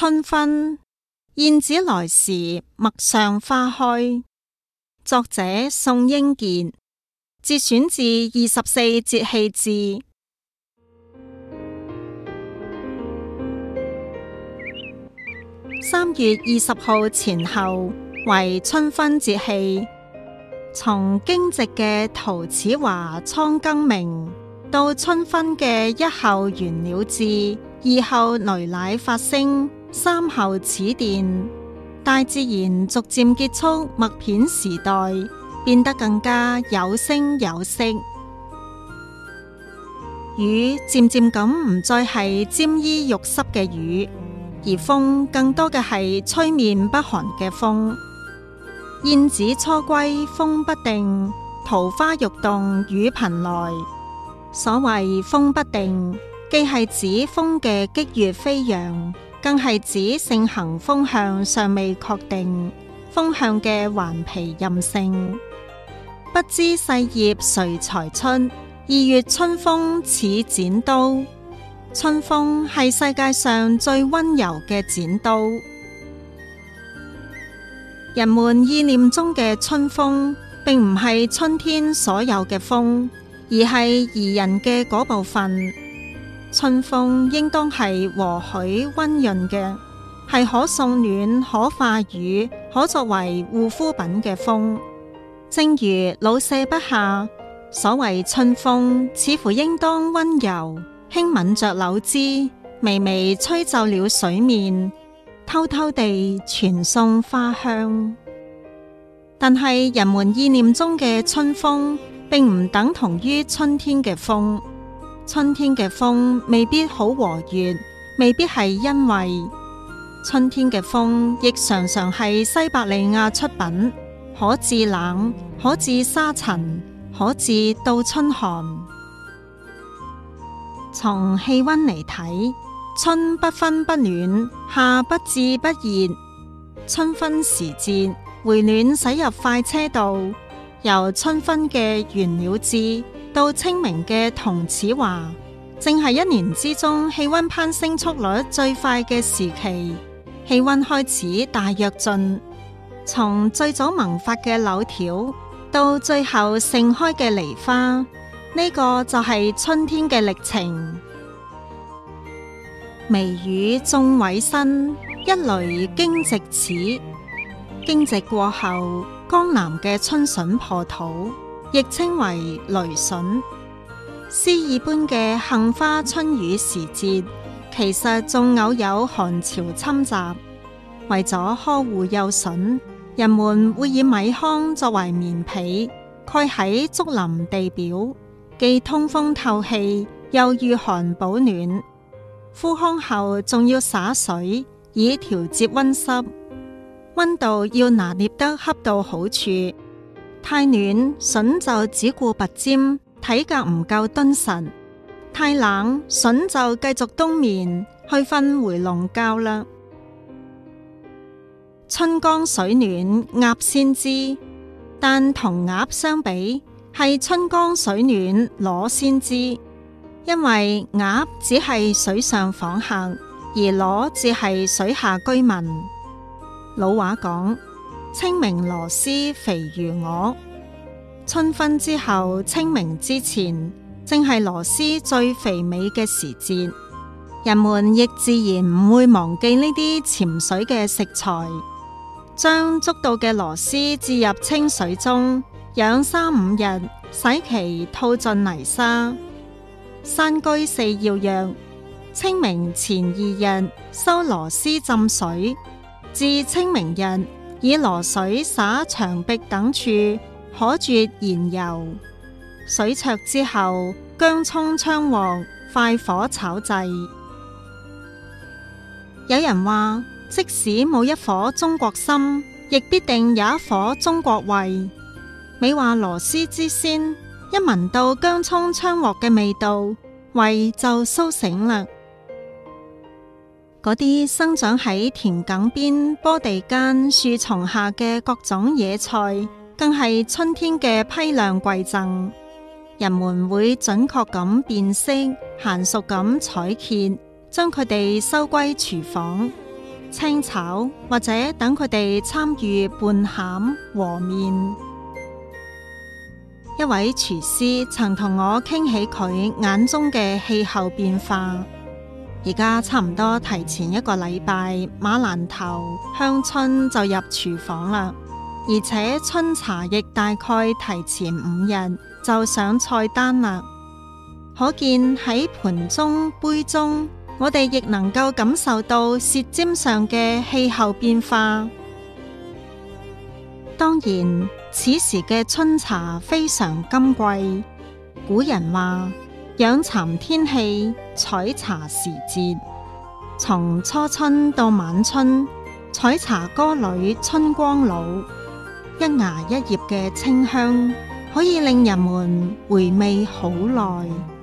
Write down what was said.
春分，燕子來時，陌上花開。作者宋英杰節選自《二十四節氣志》。三月二十號前後為春分節氣。從驚蟄嘅桃始華、倉庚鳴到春分嘅一候元鳥至，二候雷乃發聲。三候始電，大自然逐漸結束默片時代，變得更加有聲有色。雨漸漸咁唔再係沾衣欲濕嘅雨，而風更多嘅係吹面不寒嘅風。燕子初歸，風不定；桃花欲動，雨頻來。所謂風不定，既係指風嘅激越飛揚。更係指盛行風向尚未確定，風向嘅頑皮任性。不知細葉誰裁出，二月春風似剪刀。春風係世界上最溫柔嘅剪刀。人們意念中嘅春風，並唔係春天所有嘅風，而係宜人嘅嗰部分。春風應當係和煦溫潤嘅，係可送暖、可化雨、可作為護膚品嘅風。正如老舍筆下，所謂春風，似乎應當温柔輕吻着柳枝，微微吹皺了水面，偷偷地傳送花香。但係人們意念中嘅春風，並唔等同於春天嘅風。春天嘅風未必好和悦，未必係因為春天嘅風，亦常常係西伯利亞出品，可治冷，可治沙塵，可治倒春寒。從氣溫嚟睇，春不分不暖，夏不至不熱。春分時節回暖駛入快車道，由春分嘅玄鳥至。到清明嘅桐始華，正係一年之中氣溫攀升速率最快嘅時期。氣溫開始大躍進，從最早萌發嘅柳條，到最後盛開嘅梨花，呢、這個就係春天嘅歷程。微雨眾卉新，一雷驚蟄始。驚蟄過後，江南嘅春筍破土。亦稱為雷筍，詩意般嘅杏花春雨時節，其實仲偶有寒潮侵襲。為咗呵護幼筍，人們會以米糠作為棉被，蓋喺竹林地表，既通風透氣，又御寒保暖。敷糠後，仲要灑水，以調節溫濕。溫度要拿捏得恰到好處。太暖，筍就只顧拔尖，體格唔夠敦實；太冷，筍就繼續冬眠，去瞓回籠覺啦。春江水暖鴨先知，但同鴨相比，係春江水暖螺先知，因為鴨只係水上訪客，而螺至係水下居民。老話講。清明螺螄肥如鵝，春分之後，清明之前，正係螺螄最肥美嘅時節。人們亦自然唔會忘記呢啲潛水嘅食材，將捉到嘅螺螄置入清水中，養三五日，使其吐盡泥沙。山居四要曰，清明前二日收螺螄浸水，至清明日。以螺水灑牆壁等處，可絕燃油。水焯之後，薑蔥熗鑊，快火炒製。 有人話，即使冇一顆中國心，亦必定有一顆中國胃。美話螺絲之鮮，一聞到薑蔥熗鑊嘅味道，胃就蘇醒啦。嗰啲生長喺田埂邊、坡地間、樹叢下嘅各種野菜，更係春天嘅批量饋贈。人們會準確咁辨識、嫻熟咁採擷，將佢哋收歸廚房，清炒或者等佢哋參與拌餡和麵。一位廚師曾同我傾起佢眼中嘅氣候變化。而家差唔多提前一個禮拜，馬蘭頭香椿就入廚房啦，而且春茶亦大概提前五日就上菜單啦。可見喺盤中杯中，我哋亦能夠感受到舌尖上嘅氣候變化。當然，此時嘅春茶非常金貴。古人話。養蠶天氣採茶時節，從初春到晚春，採茶歌裏春光老，一芽一葉嘅清香，可以令人們回味好耐。